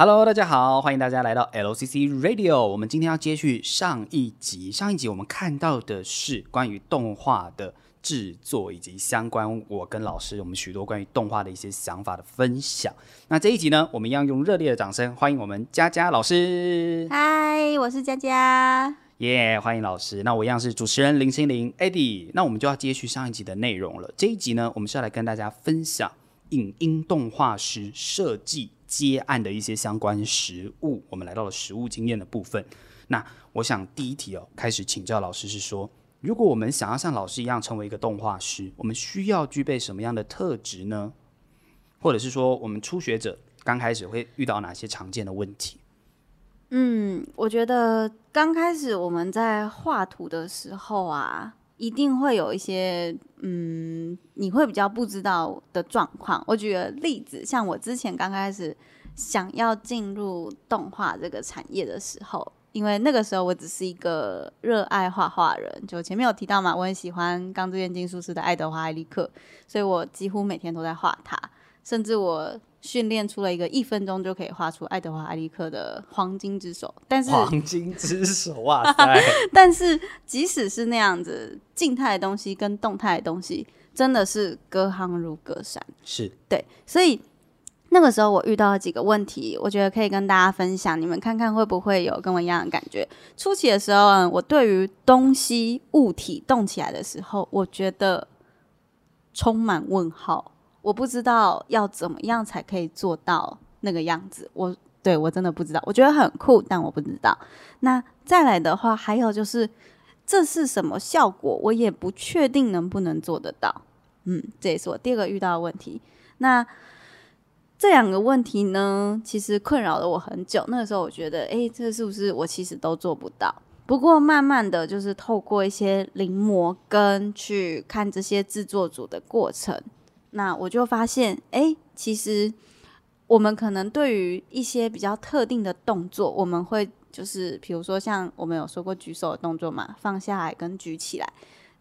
Hello，大家好，歡迎大家來到 LCC Radio。我們今天要接續上一集。上一集我們看到的是關於動畫的制作以及相關我跟老師我們許多關於動畫的一些想法的分享。那這一集呢，我們一樣用熱烈的掌聲歡迎我們佳佳老師。嗨，我是佳佳。耶，yeah，歡迎老師。那我一樣是主持人林昕臨 Eddie。那我們就要接續上一集的內容了。這一集呢，我們是要來跟大家分享影音動畫師設計。接案的一些相關實務，我們來到了實務經驗的部分。那我想第一題哦，開始請教老師是說，如果我們想要像老師一樣成為一個動畫師，我們需要具備什麼樣的特質呢？或者是說，我們初學者剛開始會遇到哪些常見的問題？嗯，我覺得剛開始我們在畫圖的時候啊。一定會有一些，嗯，你會比較不知道的狀況。我舉個例子，像我之前剛開始想要進入動畫這個產業的時候，因為那個時候我只是一個熱愛畫畫人，就前面有提到嘛，我很喜歡《鋼之煉金術師》的愛德華·艾利克，所以我幾乎每天都在畫他，甚至我，訓練出了一個一分鐘就可以畫出愛德華·艾利克的黃金之手，但是黃金之手，啊 但是即使是那樣子靜態的東西跟動態的東西，真的是隔行如隔山，是對。所以那個時候我遇到了幾個問題，我覺得可以跟大家分享，你們看看會不會有跟我一樣的感覺。初期的時候，我對於東西物體動起來的時候，我覺得充滿問號。我不知道要怎麼樣才可以做到那個樣子，我對我真的不知道。我覺得很酷，但我不知道。那再來的話，還有就是這是什麼效果，我也不確定能不能做得到。嗯，這也是我第二個遇到的問題。那這兩個問題呢，其實困擾了我很久。那個時候我覺得，哎，這是不是我其實都做不到？不過慢慢的，就是透過一些臨摹跟去看這些製作組的過程。那我就發現，哎、欸，其實我們可能對於一些比較特定的動作，我們會就是比如說像我們有說過舉手的動作嘛，放下來跟舉起來，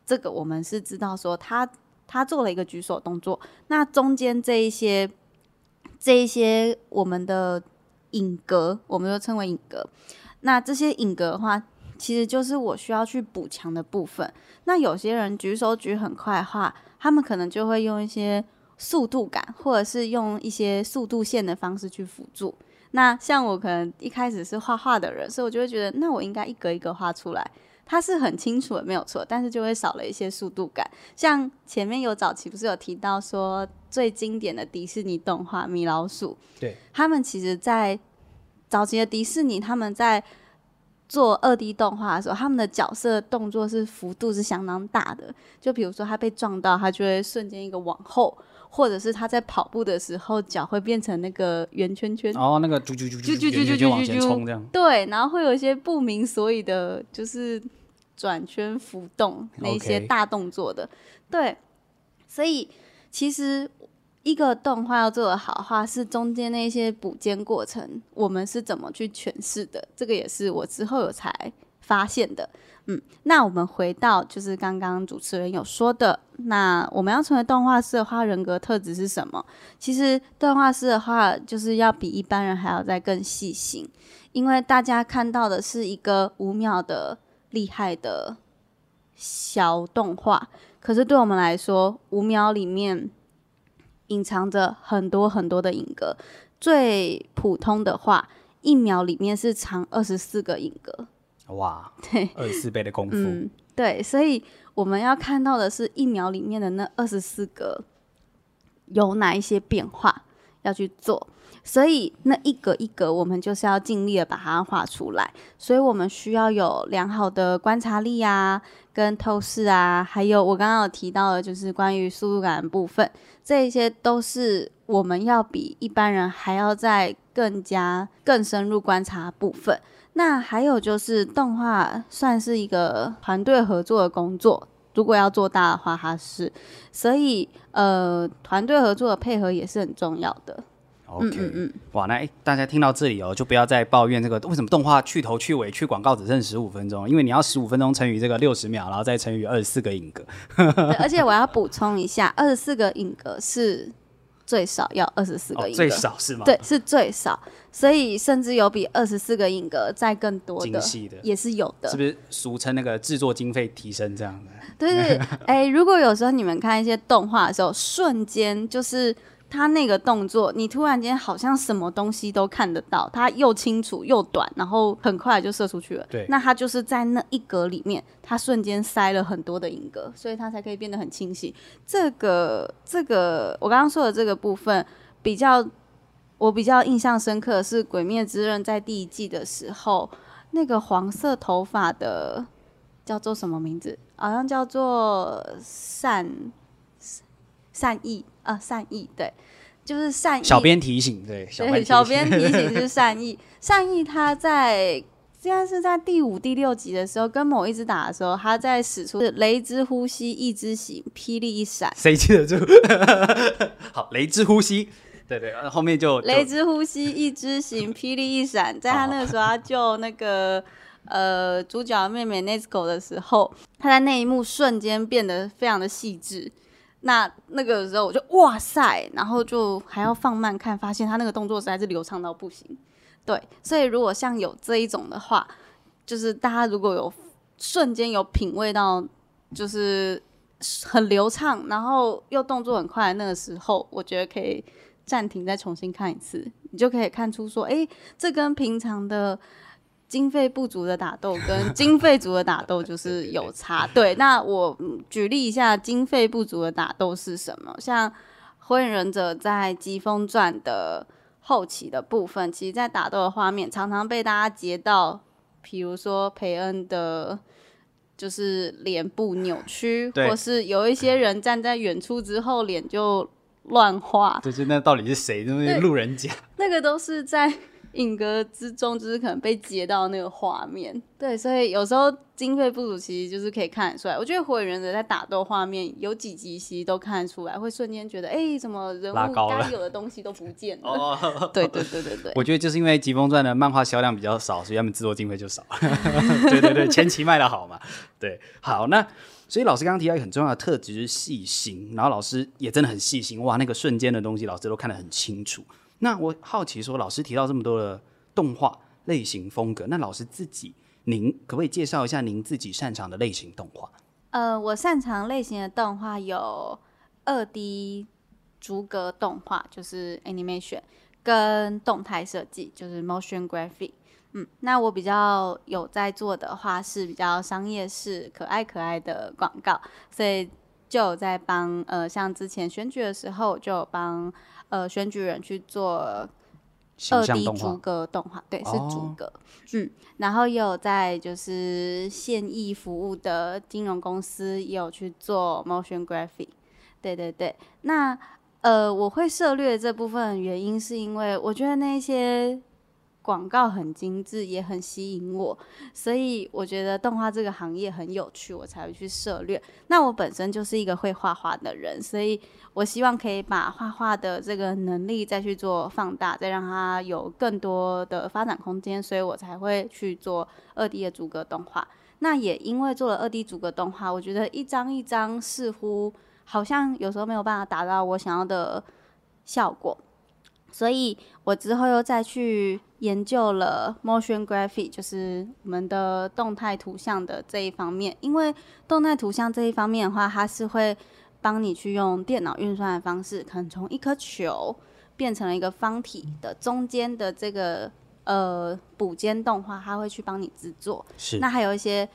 這個我們是知道說他他做了一個舉手動作，那中間這一些這一些我們的影格，我們又稱為影格。那這些影格的話，其實就是我需要去補強的部分。那有些人舉手舉很快的話。他們可能就會用一些速度感，或者是用一些速度線的方式去輔助。那像我可能一開始是畫畫的人，所以我就會覺得，那我應該一格一格畫出來。他是很清楚的，沒有錯，但是就會少了一些速度感。像前面有早期不是有提到說最經典的迪士尼動畫米老鼠？對，他們其實，在早期的迪士尼，他們在。做二 D 動畫的時候，他們的角色動作是幅度是相當大的。就比如說他被撞到，他就會瞬間一個往後，或者是他在跑步的時候，腳會變成那個圓圈圈。哦，那個啾啾啾啾啾啾啾啾往前衝這樣。對，然後會有一些不明所以的，就是轉圈、浮動那些大動作的。Okay. 對，所以其實。一個動畫要做得好的話，是中間那些補間過程，我們是怎麼去詮釋的。這個也是我之後有才發現的。嗯，那我們回到就是剛剛主持人有說的，那我們要成為動畫師的話，人格特質是什麼？其實動畫師的話，就是要比一般人還要再更細心，因為大家看到的是一個五秒的厲害的小動畫，可是對我們來說，五秒裡面，隱藏着很多很多的影格，最普通的話，一秒裡面是藏二十四個影格。哇，對，二十四倍的功夫。嗯。對，所以我們要看到的是一秒裡面的那二十四格有哪一些變化要去做，所以那一格一格，我們就是要盡力的把它畫出來。所以我們需要有良好的觀察力啊，跟透視啊，還有我剛剛有提到的，就是關於速度感的部分。這一些都是我們要比一般人還要在更加更深入觀察的部分。那還有就是動畫算是一個團隊合作的工作，如果要做大的話，它是，所以，呃，團隊合作的配合也是很重要的。OK，嗯，嗯，嗯，哇，那哎、欸，大家聽到這裡哦，就不要再抱怨這個為什麼動畫去頭去尾去廣告只剩十五分鐘，因為你要十五分鐘乘以這個六十秒，然後再乘以二十四個影格。而且我要補充一下，二十四個影格是最少要二十四個影格，哦，最少是嗎？對，是最少，所以甚至有比二十四個影格再更多的，精細的也是有的。是不是俗稱那個製作經費提升這樣的？對對，哎，如果有時候你們看一些動畫的時候，瞬間就是。他那個動作，你突然間好像什麼東西都看得到，它又清楚又短，然後很快就射出去了。對，那他就是在那一格裡面，他瞬間塞了很多的影格，所以他才可以變得很清晰。這個這個，我剛剛說的這個部分比較我比較印象深刻是《鬼滅之刃》在第一季的時候，那個黃色頭髮的叫做什麼名字？好像叫做善善逸。啊，呃、善意，對，就是善意。小編提醒，對，小編提醒是善意。善意他在現在是在第五、第六集的時候，跟某一只打的時候，他在使出是雷之呼吸一之型、霹靂一閃。誰記得住？ 好，雷之呼吸，對對，後面就雷之呼吸一之型、霹靂一閃。在他那個時候，他救那個呃主角妹妹 Nezuko 的時候，他在那一幕瞬間變得非常的細緻。那那個時候我就哇塞，然後就還要放慢看，發現他那個動作實在是流暢到不行。對，所以如果像有這一種的話，就是大家如果有瞬間有品味到，就是很流暢，然後又動作很快那個時候，我覺得可以暫停再重新看一次，你就可以看出說，哎、欸，這跟平常的。經費不足的打鬥跟經費足的打鬥就是有差。 對，對，對，對，對，那我舉例一下，經費不足的打鬥是什麼？像《火影忍者》在《疾風傳》的後期的部分，其實，在打鬥的畫面常常被大家截到，比如說培恩的，就是臉部扭曲，對或是有一些人站在遠處之後臉就亂畫。對，就是、那到底是誰？那些對路人甲？那個都是在，影格之中，就是可能被截到那個畫面。對，所以有時候經費不足，其實就是可以看得出來。我覺得《火影忍者》在打鬥畫面有幾集，其實都看得出來，會瞬間覺得，哎、欸，怎麼人物該有的東西都不見了？了對，對對對對對。我覺得就是因為《疾風傳》的漫畫銷量比較少，所以他們制作經費就少。 對對對，前期賣得好嘛。 對，好，那所以老師剛剛提到一個很重要的特質是細心，然後老師也真的很細心，哇，那個瞬間的東西，老師都看得很清楚。那我好奇說，老師提到這麼多的動畫類型風格，那老師自己，您可不可以介紹一下您自己擅長的類型動畫？呃，我擅長類型的動畫有二 D 逐格動畫，就是 animation，跟動態設計，就是 motion graphic。嗯，那我比較有在做的話是比較商業式可愛可愛的廣告，所以就有在幫，呃，像之前選舉的時候就有幫。呃，選舉人去做二 D 畫逐格動畫，對，是逐格，哦、嗯，然後也有在就是現役服務的金融公司也有去做 motion graphic，對對對，那呃，我會涉獵這部分原因，是因為我覺得那些。廣告很精緻，也很吸引我，所以我覺得動畫這個行業很有趣，我才會去涉獵。那我本身就是一個會畫畫的人，所以我希望可以把畫畫的這個能力再去做放大，再讓它有更多的發展空間，所以我才會去做 2D 的逐格動畫。那也因為做了 2D 逐格動畫，我覺得一張一張似乎好像有時候沒有辦法達到我想要的效果，所以我之後又再去。研究了 motion graphic，就是我們的動態圖像的這一方面。因為動態圖像這一方面的話，它是會幫你去用電腦運算的方式，可能從一顆球變成了一個方體的中間的這個、嗯、呃補間動畫，它會去幫你制作。是。那還有一些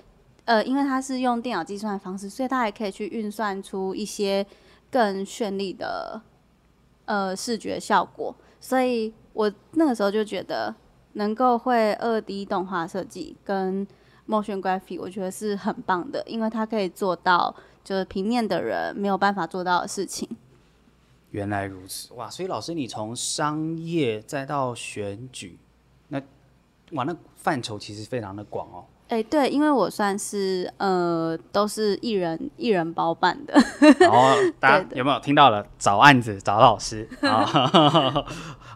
呃，因為它是用電腦計算的方式，所以它還可以去運算出一些更絢麗的呃視覺效果。所以我那個時候就覺得能夠會二 D 動畫設計跟 motion graphics，我覺得是很棒的，因為它可以做到就是平面的人沒有辦法做到的事情。原來如此，哇！所以老師你從商業再到選舉，那哇，那範疇其實非常的廣哦。哎、欸，對，因為我算是呃，都是一人一人包辦的。然後、 哦、大家有沒有聽到了？找案子，找老師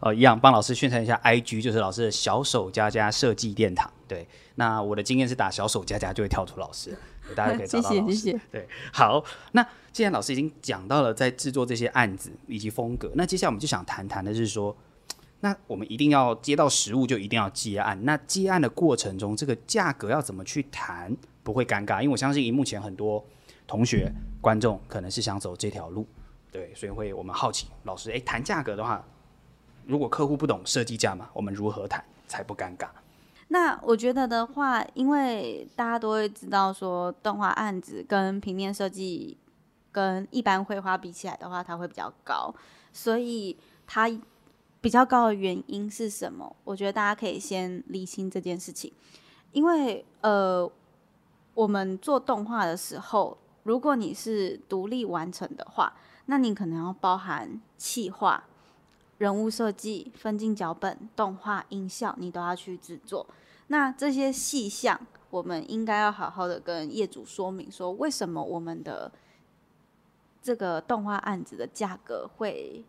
哦，一樣幫老師宣傳一下。IG 就是老師的小手佳佳設計殿堂。對，那我的經驗是打小手佳佳就會跳出老師，大家可以找到老師 謝謝，謝謝。對，好，那既然老師已經講到了在制作這些案子以及風格，那接下來我們就想談談的是說，那我們一定要接到實務，就一定要接案。那接案的過程中，這個價格要怎麼去談，不會尷尬？因為我相信以目前很多同學、觀眾可能是想走這條路，對，所以會我們好奇，老師，哎，談價格的話，如果客戶不懂設計價碼，我們如何談才不尷尬？那我覺得的話，因為大家都會知道說，動畫案子跟平面設計跟一般繪畫比起來的話，它會比較高，所以它。比較高的原因是什麼？我覺得大家可以先理清這件事情，因為呃，我們做動畫的時候，如果你是獨立完成的話，那你可能要包含企劃、人物設計、分鏡腳本、動畫、音效，你都要去製作。那這些細項，我們應該要好好的跟業主說明，說為什麼我們的這個動畫案子的價格會。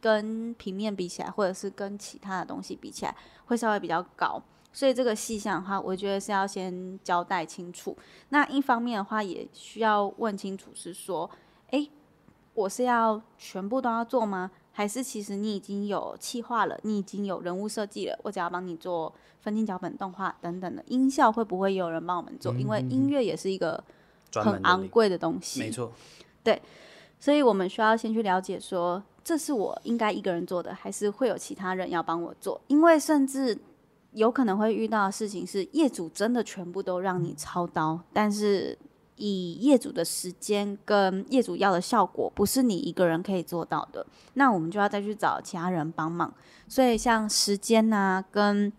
跟平面比起來，或者是跟其他的東西比起來，會稍微比較高，所以這個細項的話，我覺得是要先交代清楚。那一方面的話，也需要問清楚，是說，哎，我是要全部都要做嗎？還是其實你已經有企劃了，你已經有人物設計了，我只要幫你做分鏡腳本、動畫等等的音效，會不會有人幫我們做？嗯、哼哼。因為音樂也是一個很昂貴的東西，沒錯，對。所以，我們需要先去了解說，說這是我應該一個人做的，還是會有其他人要幫我做？因為甚至有可能會遇到的事情是業主真的全部都讓你操刀，但是以業主的時間跟業主要的效果，不是你一個人可以做到的，那我們就要再去找其他人幫忙。所以，像時間吶、啊、跟。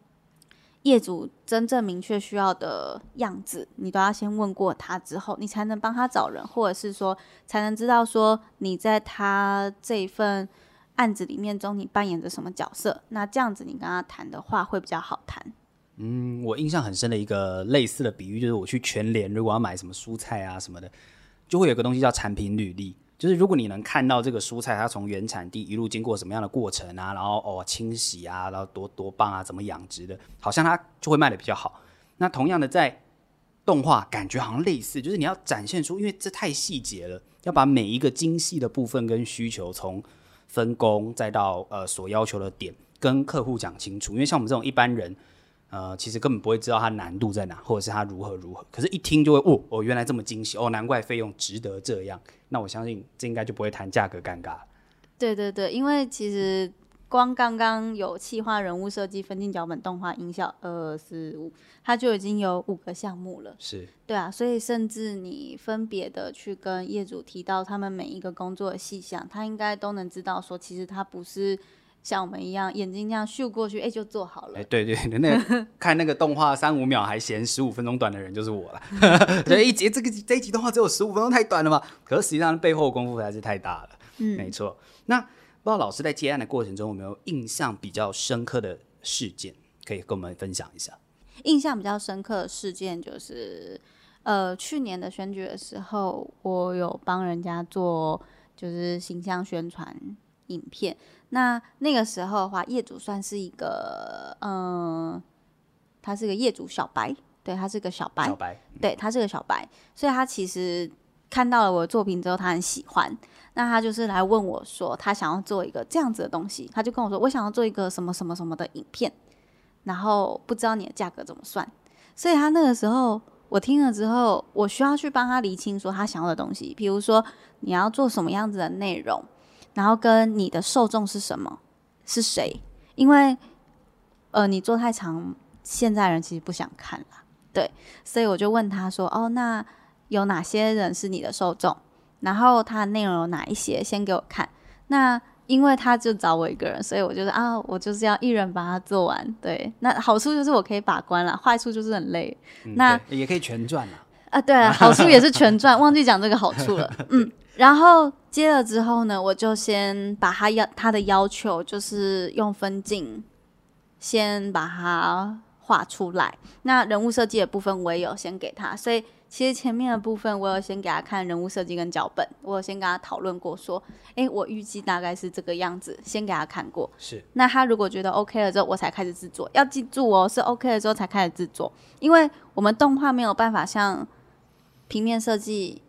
業主真正明確需要的樣子，你都要先問過他之後，你才能幫他找人，或者是說，才能知道說，你在他這一份案子裡面中，你扮演着什麼角色。那這樣子，你跟他談的話，會比較好談。嗯，我印象很深的一個類似的比喻，就是我去全聯，如果要買什麼蔬菜啊什麼的，就會有個東西叫產品履歷。就是如果你能看到這個蔬菜，它從原產地一路經過什麼樣的過程啊，然後哦，清洗啊，然後多多棒啊，怎麼養殖的，好像它就會賣得比較好。那同樣的在動畫，感覺好像類似，就是你要展現出，因為這太細節了，要把每一個精細的部分跟需求從分工再到呃，所要求的點跟客戶講清楚，因為像我們這種一般人。呃，其實根本不會知道它難度在哪，或者是它如何如何。可是，一聽就會哦，我、哦、原來這麼精細哦，難怪費用值得這樣。那我相信這應該就不會談價格尷尬。對對對，因為其實光剛剛有企劃人物設計、分鏡腳本、動畫、音效，二是五，他就已經有五個項目了。是，對啊，所以甚至你分別的去跟業主提到他們每一個工作細項，他應該都能知道說，其實他不是。像我們一樣眼睛這樣咻過去，哎、欸，就做好了。哎、欸，對，對對，那個、 看那個動畫三五秒還嫌十五分鐘短的人就是我了、 這個。這一集這個這一集動畫只有十五分鐘，太短了嘛？可是實際上背後功夫還是太大了。嗯，沒錯。那不知道老師在接案的過程中，有沒有印象比較深刻的事件可以跟我們分享一下？印象比較深刻的事件就是，呃，去年的選舉的時候，我有幫人家做就是形象宣傳。影片，那那個時候的話，業主算是一個，嗯、呃，他是個業主小白，對他是個小白，小白嗯、對他是個小白，所以他其實看到了我的作品之後，他很喜歡。那他就是來問我說，他想要做一個這樣子的東西，他就跟我說，我想要做一個什麼什麼什麼的影片，然後不知道你的價格怎麼算。所以他那個時候，我聽了之後，我需要去幫他釐清說他想要的東西，比如說你要做什麼樣子的內容。然後跟你的受眾是什麼？是誰？因為，呃，你做太長，現在人其實不想看了，對。所以我就問他說：“哦，那有哪些人是你的受眾？然後他的內容有哪一些？先給我看。”那因為他就找我一個人，所以我就說啊，我就是要一人把它做完。對，那好處就是我可以把關了，壞處就是很累。嗯、那也可以全賺了啊、呃，對啊，好處也是全賺， 忘記講這個好處了，嗯。然後接了之後呢，我就先把他要他的要求，就是用分鏡先把它畫出來。那人物設計的部分，我也有先給他。所以其實前面的部分，我有先給他看人物設計跟腳本，我有先跟他討論過，說，誒我預計大概是這個樣子，先給他看過。是，那他如果覺得 OK 了之後，我才開始製作。要記住哦，是 OK 了之後才開始製作，因為我們動畫沒有辦法像平面設計。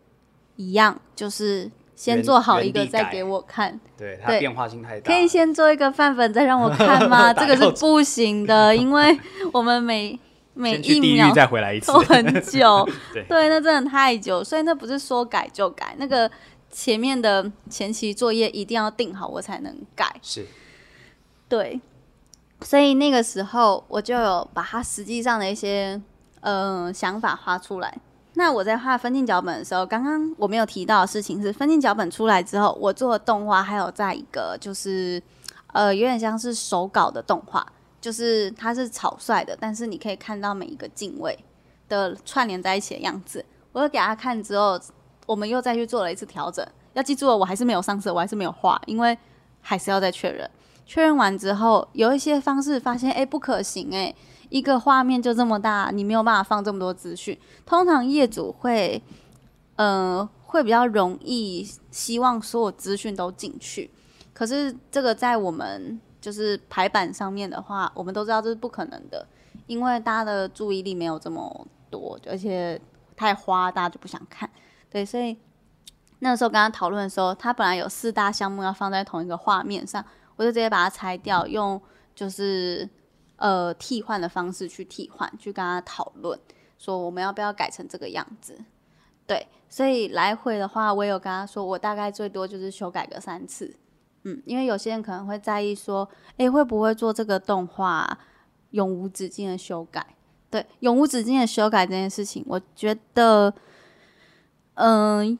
一樣，就是先做好一個再給我看。對，對，它變化性太大。可以先做一個範本，再讓我看嗎？ 錢這個是不行的，因為我們每 每一秒都很久。 對，對，那真的很太久，所以那不是說改就改。那個前面的前期作業一定要定好，我才能改。是，對。所以那個時候我就有把他實際上的一些嗯、呃、想法畫出來。那我在畫分鏡腳本的時候，剛剛我沒有提到的事情是，分鏡腳本出來之後，我做的動畫，還有在一個就是，呃，有點像是手稿的動畫，就是它是草率的，但是你可以看到每一個鏡位的串聯在一起的樣子。我又給他看之後，我們又再去做了一次調整。要記住了，我還是沒有上色，我還是沒有畫，因為還是要再確認。確認完之後，有一些方式發現，哎、欸，不可行，欸，哎。一個畫面就這麼大，你沒有辦法放這麼多資訊。通常業主會，嗯、呃，會比較容易希望所有資訊都進去，可是這個在我們就是排版上面的話，我們都知道這是不可能的，因為大家的注意力沒有這麼多，而且太花，大家就不想看。對，所以那個時候跟他討論的時候，他本來有四大項目要放在同一個畫面上，我就直接把它拆掉，用就是。呃，替換的方式去替換，去跟他討論，說我們要不要改成這個樣子？對，所以來回的話，我也有跟他說，我大概最多就是修改個三次，嗯，因為有些人可能會在意說，誒、欸，會不會做這個動畫永無止境的修改？對，永無止境的修改這件事情，我覺得，嗯、呃，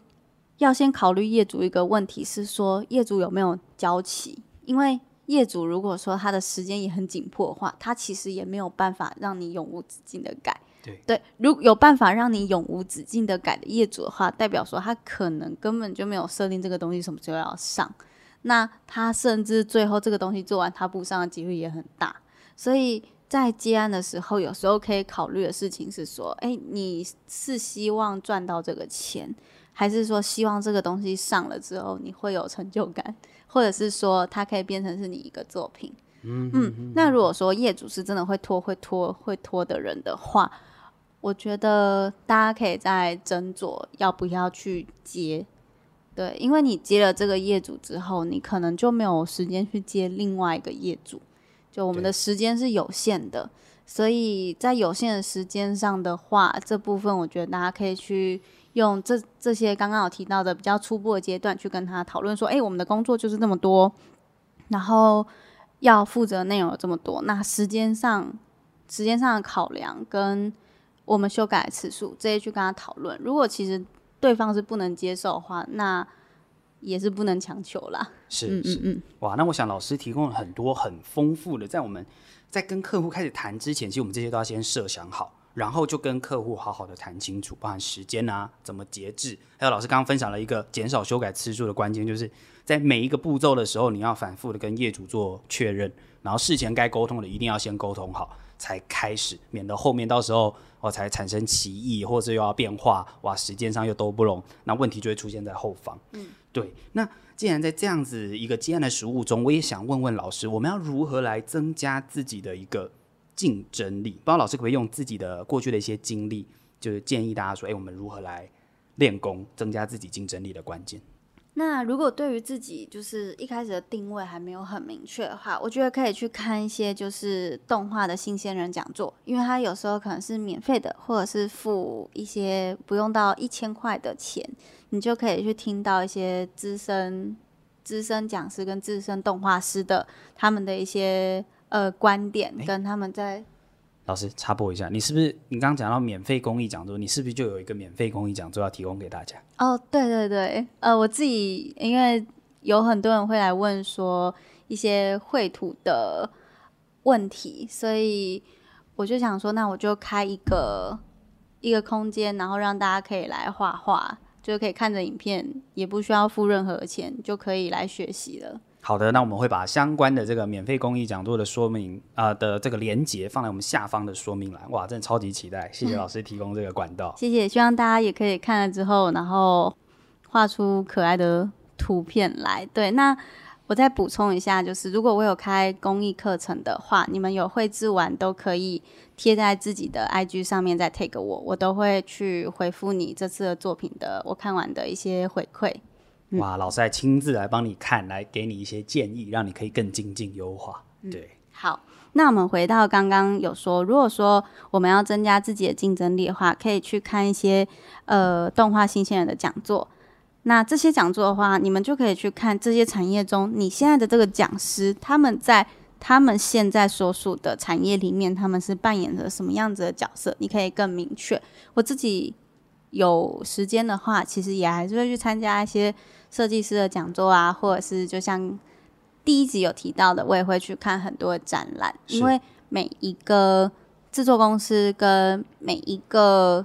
要先考慮業主一個問題，是說業主有沒有交齊，因為。業主如果說他的時間也很緊迫的話，他其實也沒有辦法讓你永無止境的改。對對，如果有辦法讓你永無止境的改的業主的話，代表說他可能根本就沒有設定這個東西什麼時候要上，那他甚至最後這個東西做完他不上的幾率也很大。所以在接案的時候，有時候可以考慮的事情是說，欸，你是希望賺到這個錢，還是說希望這個東西上了之後你會有成就感？或者是說，它可以變成是你一個作品。嗯嗯。 那如果說業主是真的會拖、會拖、會拖的人的話，我覺得大家可以再斟酌要不要去接。對，因為你接了這個業主之後，你可能就沒有時間去接另外一個業主。就我們的時間是有限的。所以在有限的時間上的話，這部分我覺得大家可以去用這這些剛剛有提到的比較初步的階段去跟他討論說，哎、欸，我們的工作就是這麼多，然後要負責內容有這麼多，那時間上時間上的考量跟我們修改次數這些去跟他討論。如果其實對方是不能接受的話，那也是不能強求啦。是，嗯嗯嗯，嗯哇，那我想老師提供了很多很豐富的在我們。在跟客戶開始談之前，其實我們這些都要先設想好，然後就跟客戶好好的談清楚，包含時間啊，怎麼節制，還有老師剛剛分享了一個減少修改次數的關鍵，就是在每一個步驟的時候，你要反覆的跟業主做確認，然後事前該溝通的一定要先溝通好，才開始，免得後面到時候哦，才產生歧義，或者又要變化，哇，時間上又兜不攏，那問題就會出現在後方，嗯。對，那既然在這樣子一個艱難的實務中，我也想問問老師，我們要如何來增加自己的一個競爭力？不知道老師可不可以用自己的過去的一些經歷，就是建議大家說，哎，我們如何來練功，增加自己競爭力的關鍵？那如果對於自己就是一開始的定位還沒有很明確的話，我覺得可以去看一些就是動畫的新鮮人講座，因為他有時候可能是免費的，或者是付一些不用到一千塊的錢，你就可以去聽到一些資深、資深講師跟資深動畫師的他們的一些呃觀點跟他們在。老師插播一下，你是不是你剛剛講到免費公益講座，你是不是就有一個免費公益講座要提供給大家？哦，oh, 對對對，呃，我自己因為有很多人會來問說一些繪圖的問題，所以我就想說，那我就開一個、嗯、一個空間，然後讓大家可以來畫畫，就可以看着影片，也不需要付任何錢，就可以來學習了。好的，那我們會把相關的這個免費公益講座的說明啊、呃、的這個連接放在我們下方的說明欄。哇，真的超級期待！謝謝老師提供這個管道、嗯。謝謝，希望大家也可以看了之後，然後畫出可愛的圖片來。對，那我再補充一下，就是如果我有開公益課程的話，你們有繪製完都可以貼在自己的 IG 上面再 take 我，我都會去回復你這次的作品的我看完的一些回饋。哇，老師還親自來幫你看，來給你一些建議，讓你可以更精進優化。對。嗯，好，那我們回到剛剛有說，如果說我們要增加自己的競爭力的話，可以去看一些呃動畫新鮮人的講座。那這些講座的話，你們就可以去看這些產業中你現在的這個講師，他們在他們現在所屬的產業裡面，他們是扮演着什麼樣子的角色？你可以更明確。我自己有時間的話，其實也還是會去參加一些。設計師的講座啊，或者是就像第一集有提到的，我也會去看很多的展覽，是因為每一個製作公司跟每一個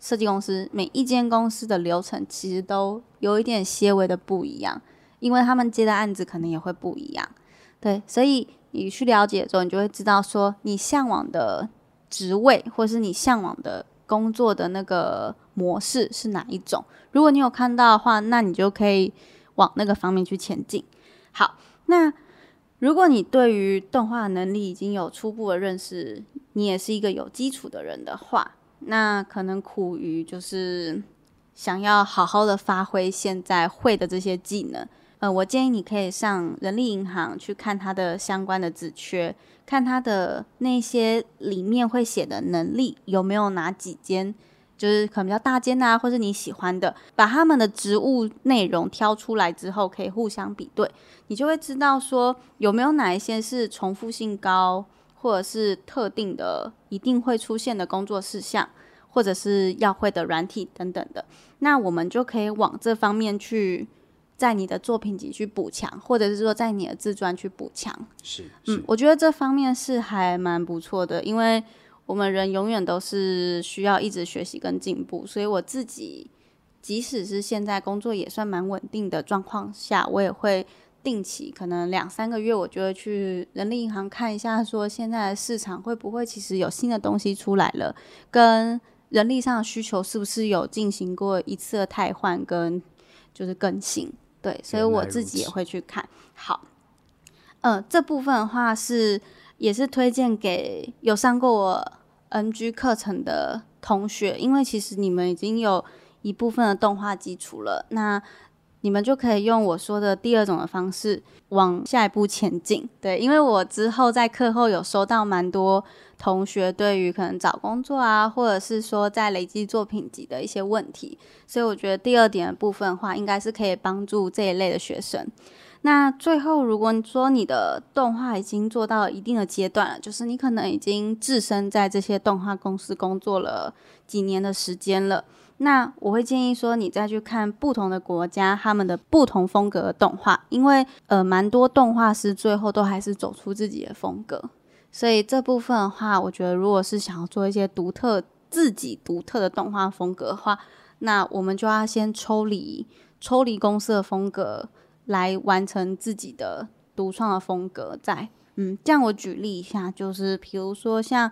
設計公司，每一間公司的流程其實都有一點些微的不一樣，因為他們接的案子可能也會不一樣。對，所以你去了解之後，你就會知道說你嚮往的職位，或是你嚮往的工作的那個。模式是哪一種？如果你有看到的話，那你就可以往那個方面去前進。好，那如果你對於動畫能力已經有初步的認識，你也是一個有基礎的人的話，那可能苦於就是想要好好的發揮現在會的這些技能。呃，我建議你可以上人力銀行去看他的相關的職缺，看他的那些裡面會寫的能力有沒有哪幾間。就是可能比較大間啊，或是你喜歡的，把他們的職務內容挑出來之後，可以互相比對，你就會知道說有沒有哪一些是重複性高，或者是特定的一定會出現的工作事項，或者是要會的軟體等等的，那我們就可以往這方面去，在你的作品集去補強，或者是說在你的自傳去補強。是，嗯，我覺得這方面是還蠻不錯的，因為。我們人永遠都是需要一直學習跟進步，所以我自己，即使是現在工作也算蠻穩定的狀況下，我也會定期，可能兩三個月，我就會去人力銀行看一下，說現在市場會不會其實有新的東西出來了，跟人力上的需求是不是有進行過一次的汰換跟就是更新，對，所以我自己也會去看。好，嗯、呃，這部分的話是。也是推薦給有上過我 MG 課程的同學，因為其實你們已經有一部分的動畫基礎了，那你們就可以用我說的第二種的方式往下一步前進。對，因為我之後在課後有收到蠻多同學對於可能找工作啊，或者是說在累積作品集的一些問題，所以我覺得第二點的部分的話，應該是可以幫助這一類的學生。那最後，如果你說你的動畫已經做到一定的階段了，就是你可能已經置身在這些動畫公司工作了幾年的時間了，那我會建議說，你再去看不同的國家他們的不同風格的動畫，因為呃，蠻多動畫師最後都還是走出自己的風格，所以這部分的話，我覺得如果是想要做一些獨特自己獨特的動畫風格的話，那我們就要先抽離抽離公司的風格。來完成自己的獨創的風格在，在嗯，這樣我舉例一下，就是比如說像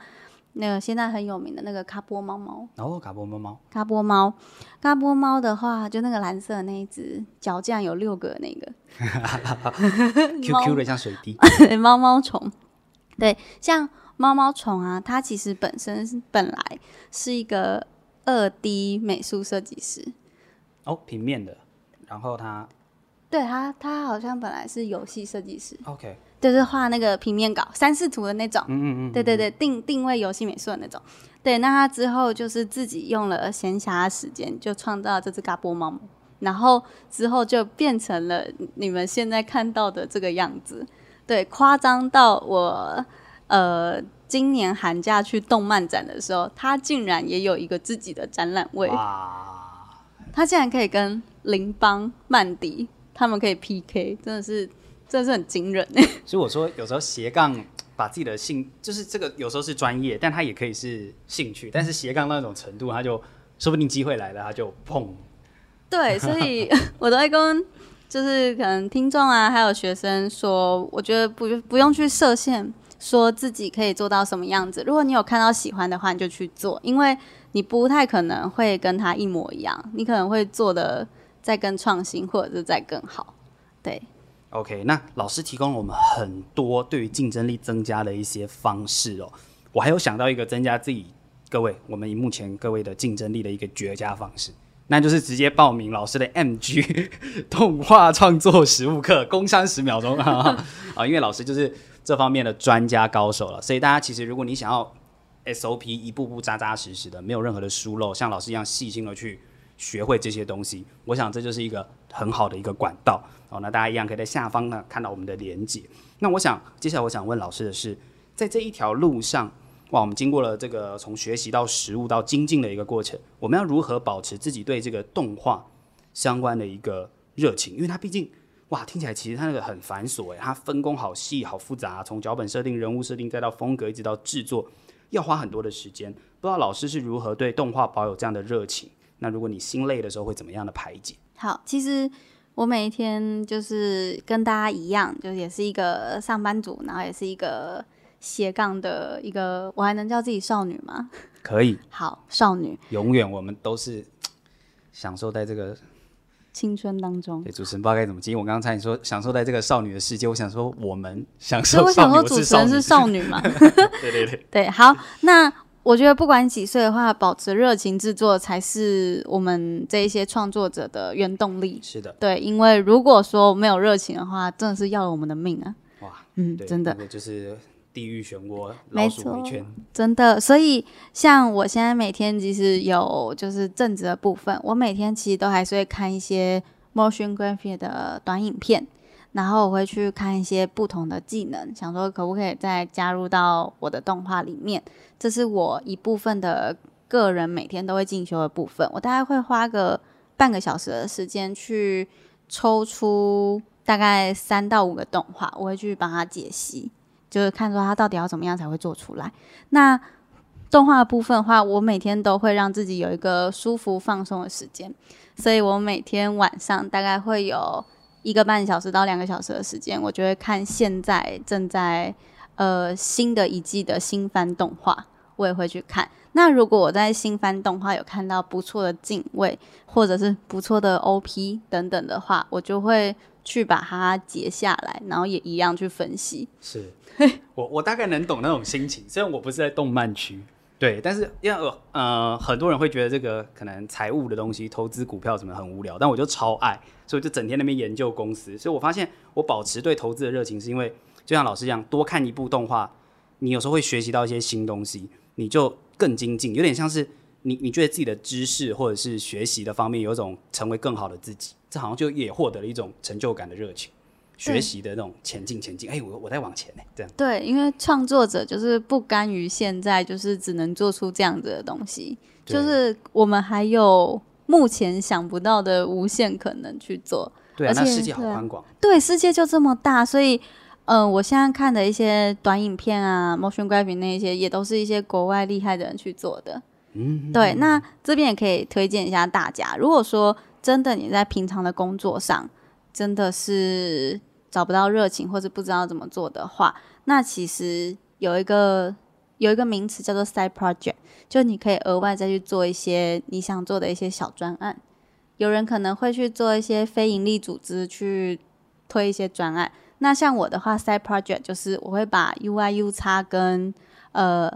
那個現在很有名的那個咖波貓貓哦，咖波貓貓，咖波貓，咖波貓的話，就那個藍色那一只腳，這樣有六個那個，QQ 的像水滴，貓貓蟲，對，像貓貓蟲啊，它其實本身是本來是一個二 D 美術設計師哦，平面的，然後它。對他，他好像本來是遊戲設計師，OK，就是畫那個平面稿、三視圖的那種，嗯，嗯嗯嗯，對對對，定定位遊戲美術的那種，對，那他之後就是自己用了閒暇的時間就創造了這只嘎波貓，然後之後就變成了你們現在看到的這個樣子，對，誇張到我呃今年寒假去動漫展的時候，他竟然也有一個自己的展覽位，哇他竟然可以跟林邦曼迪。他們可以 PK，真的是，真的是很驚人。所以我說，有時候斜槓把自己的興，就是這個有時候是專業，但它也可以是興趣。但是斜槓那種程度，他就說不定機會來了，他就砰。對，所以我都會跟 就是可能聽眾啊，還有學生說，我覺得不不用去設限，說自己可以做到什麼樣子。如果你有看到喜歡的話，你就去做，因為你不太可能會跟他一模一樣，你可能會做的。再更創新，或者是再更好，對。OK，那老師提供了我們很多對於競爭力增加的一些方式哦、喔。我還有想到一個增加自己各位我們以目前各位的競爭力的一個絕佳方式，那就是直接報名老師的 MG 動畫創作實務課，工商十秒鐘 啊，因為老師就是這方面的專家高手了，所以大家其實如果你想要 SOP 一步步扎扎實實的，沒有任何的疏漏，像老師一樣細心的去。學會這些東西，我想這就是一個很好的一個管道哦。那大家一樣可以在下方呢看到我們的連接。那我想接下來我想問老師的是，在這一條路上，哇，我們經過了這個從學習到實務到精進的一個過程，我們要如何保持自己對這個動畫相關的一個熱情？因為它畢竟哇，聽起來其實它那個很繁瑣誒、欸，它分工好細好複雜，從腳本設定、人物設定，再到風格，一直到制作，要花很多的時間。不知道老師是如何對動畫保有這樣的熱情？那如果你心累的時候會怎麼樣的排解？好，其實我每一天就是跟大家一樣，就也是一個上班族，然後也是一個斜槓的一個，我還能叫自己少女嗎？可以。好，少女。永遠我們都是享受在這個青春當中。對，主持人不知道該怎麼接，我剛才你說享受在這個少女的世界，我想說我們享受。我想說主持人是少女嘛？ 對對對。對，好，那。我覺得不管幾歲的話，保持熱情制作才是我們這一些創作者的原動力。是的，對，因為如果說沒有熱情的話，真的是要了我們的命啊！哇，嗯，對真的，那就是地獄漩渦，老鼠回圈，沒錯，真的。所以像我現在每天，即使有就是正職的部分，我每天其實都還是會看一些 motion graphic 的短影片，然後我會去看一些不同的技能，想說可不可以再加入到我的動畫裡面。這是我一部分的個人每天都會進修的部分，我大概會花個半個小時的時間去抽出大概三到五個動畫，我會去幫他解析，就是看說他到底要怎麼樣才會做出來。那動畫的部分的話，我每天都會讓自己有一個舒服放鬆的時間，所以我每天晚上大概會有一個半小時到兩個小時的時間，我就會看現在正在呃新的一季的新番動畫。我也會去看。那如果我在新番動畫有看到不錯的鏡位，或者是不錯的 OP 等等的話，我就會去把它截下來，然後也一樣去分析。是嘿，我我大概能懂那種心情，雖然我不是在動漫區，對，但是因為呃很多人會覺得這個可能財務的東西，投資股票什麼很無聊，但我就超愛，所以我就整天那邊研究公司。所以我發現我保持對投資的熱情，是因為就像老師講，多看一部動畫，你有時候會學習到一些新東西。你就更精進，有點像是你，你覺得自己的知識或者是學習的方面，有一種成為更好的自己，這好像就也獲得了一種成就感的熱情，對學習的那種前進，前進，哎，我我在往前呢，這樣。對，因為創作者就是不甘於現在，就是只能做出這樣子的東西，對就是我們還有目前想不到的無限可能去做。對，而且那世界好寬廣。對，世界就這麼大，所以。嗯、呃，我現在看的一些短影片啊，motion graphic 那一些，也都是一些國外厲害的人去做的。嗯， 對，那這邊也可以推薦一下大家。如果說真的你在平常的工作上真的是找不到熱情，或者不知道怎麼做的話，那其實有一個有一個名詞叫做 side project，就你可以額外再去做一些你想做的一些小專案。有人可能會去做一些非營利組織去推一些專案。那像我的話，side project 就是我會把、UI、UIUX 跟呃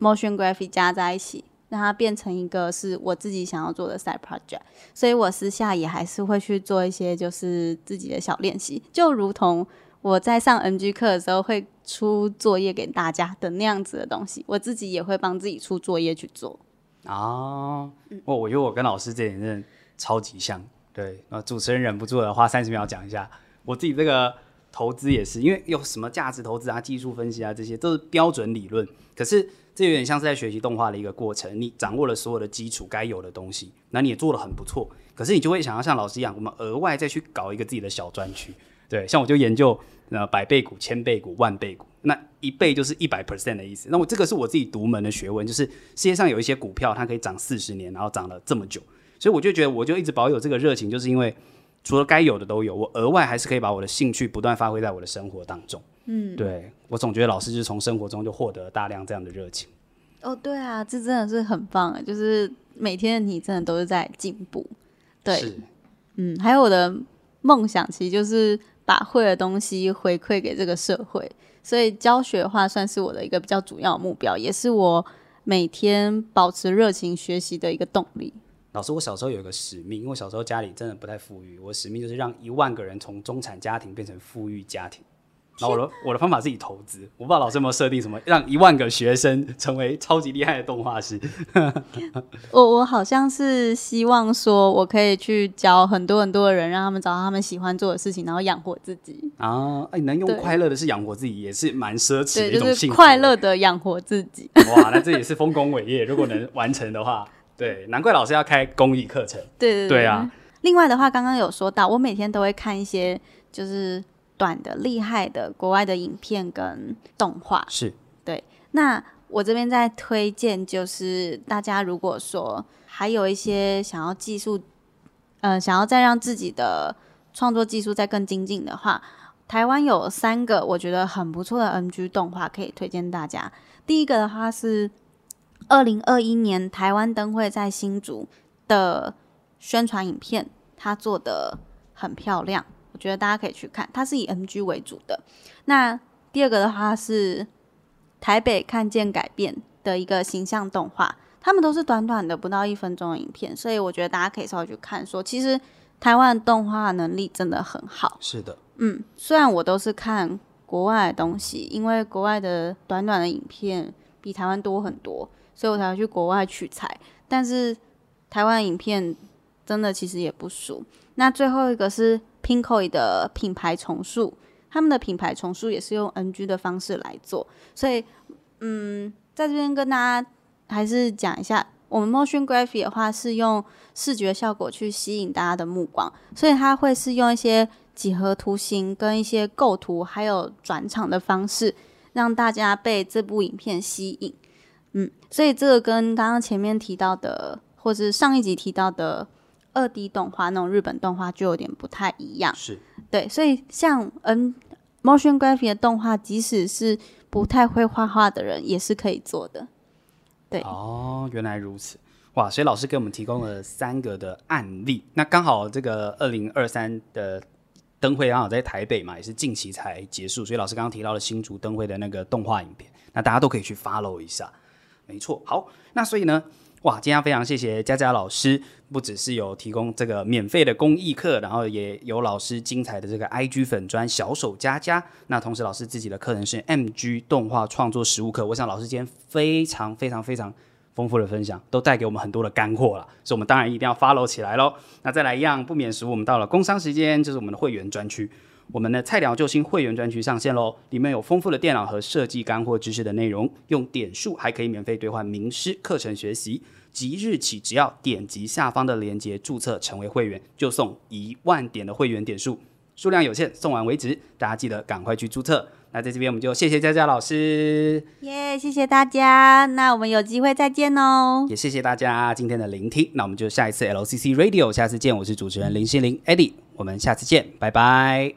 motion graphic 加在一起，讓它變成一個是我自己想要做的 side project。所以，我私下也還是會去做一些就是自己的小練習，就如同我在上 M G 課的時候會出作業給大家的那樣子的東西，我自己也會幫自己出作業去做。哦，我我覺得我跟老師這點真的超級像。對，那主持人忍不住了，花三十秒講一下我自己這個。投資也是，因為有什麼價值投資啊、技術分析啊，這些都是標準理論。可是這有點像是在學習動畫的一個過程。你掌握了所有的基礎該有的東西，那你也做得很不錯。可是你就會想要像老師一樣，我們額外再去搞一個自己的小專區。對，像我就研究呃、嗯、百倍股、千倍股、萬倍股，那一倍就是一百 percent 的意思。那我這個是我自己獨門的學問，就是世界上有一些股票它可以漲四十年，然後漲了這麼久，所以我就覺得我就一直保有這個熱情，就是因為。除了該有的都有，我額外還是可以把我的興趣不斷發揮在我的生活當中。嗯，對，我總覺得老師就是從生活中就獲得了大量這樣的熱情。哦，對啊，這真的是很棒的，就是每天你真的都是在進步。對，是嗯，還有我的夢想其實就是把會的東西回饋給這個社會，所以教學的話算是我的一個比較主要目標，也是我每天保持熱情學習的一個動力。老師，我小時候有一個使命，因為我小時候家裡真的不太富裕，我的使命就是讓一萬個人從中產家庭變成富裕家庭。然後我的是我的方法是自己投資，我不知道老師有沒有設定什麼，讓一萬個學生成為超級厲害的動畫師。 我我好像是希望說，我可以去教很多很多的人，讓他們找到他們喜歡做的事情，然後養活自己啊！哎、欸，能用快樂的是養活自己，對也是蠻奢侈的一種幸福的。對，就是快樂的養活自己。 哇，那這也是豐功偉業，如果能完成的話。對，難怪老師要開公益課程。對對對，對、啊。另外的話，剛剛有說到，我每天都會看一些就是短的厲害的國外的影片跟動畫。是。對。那我這邊在推薦，就是大家如果說還有一些想要技術，嗯、呃，想要再讓自己的創作技術再更精進的話，台灣有三個我覺得很不錯的 MG 動畫可以推薦大家。第一個的話是。二零二一年台灣燈會在新竹的宣傳影片，它做得很漂亮，我覺得大家可以去看。它是以 MG 為主的。那第二個的話是台北看見改變的一個形象動畫，他們都是短短的不到一分鐘的影片，所以我覺得大家可以稍微去看說，說其實台灣動畫能力真的很好。是的，嗯，雖然我都是看國外的東西，因為國外的短短的影片比台灣多很多。所以我才會去國外取材，但是台灣影片真的其實也不熟，那最後一個是 Pinkoi 的品牌重塑，他們的品牌重塑也是用 NG 的方式來做。所以，嗯，在這邊跟大家還是講一下，我們 Motion Graphics 的話是用視覺效果去吸引大家的目光，所以它會是用一些幾何圖形、跟一些構圖，還有轉場的方式，讓大家被這部影片吸引。所以這個跟剛剛前面提到的，或是上一集提到的二 D 動畫那種日本動畫就有點不太一樣，是對。所以像嗯，motion graphic 的動畫，即使是不太會畫畫的人也是可以做的。對哦，原來如此哇！所以老師給我們提供了三個的案例。對那剛好這個二零二三的燈會剛好在台北嘛，也是近期才結束，所以老師剛剛提到了新竹燈會的那個動畫影片，那大家都可以去 follow 一下。沒錯，好，那所以呢，哇，今天非常謝謝佳佳老師，不只是有提供這個免費的公益課，然後也有老師精彩的這個 IG 粉專小手佳佳。那同時老師自己的課程是 MG 動畫創作實務課，我想老師今天非常非常非常豐富的分享，都帶給我們很多的乾貨了，所以我們當然一定要 follow 起來嘍。那再來一樣，不免俗，我們到了工商時間，就是我們的會員專區。我們的菜鳥救星會員專區上線嘍！裡面有豐富的電腦和設計乾貨知識的內容，用點數還可以免費兌換名師課程學習。即日起，只要點擊下方的鏈接注冊成為會員，就送一萬點的會員點數，數量有限，送完為止。大家記得趕快去注冊。那在這邊，我們就謝謝佳佳老師。耶，yeah, 謝謝大家。那我們有機會再見囉。也謝謝大家今天的聆聽。那我們就下一次 LCC Radio，下次見。我是主持人林昕臨 Eddie，我們下次見，拜拜。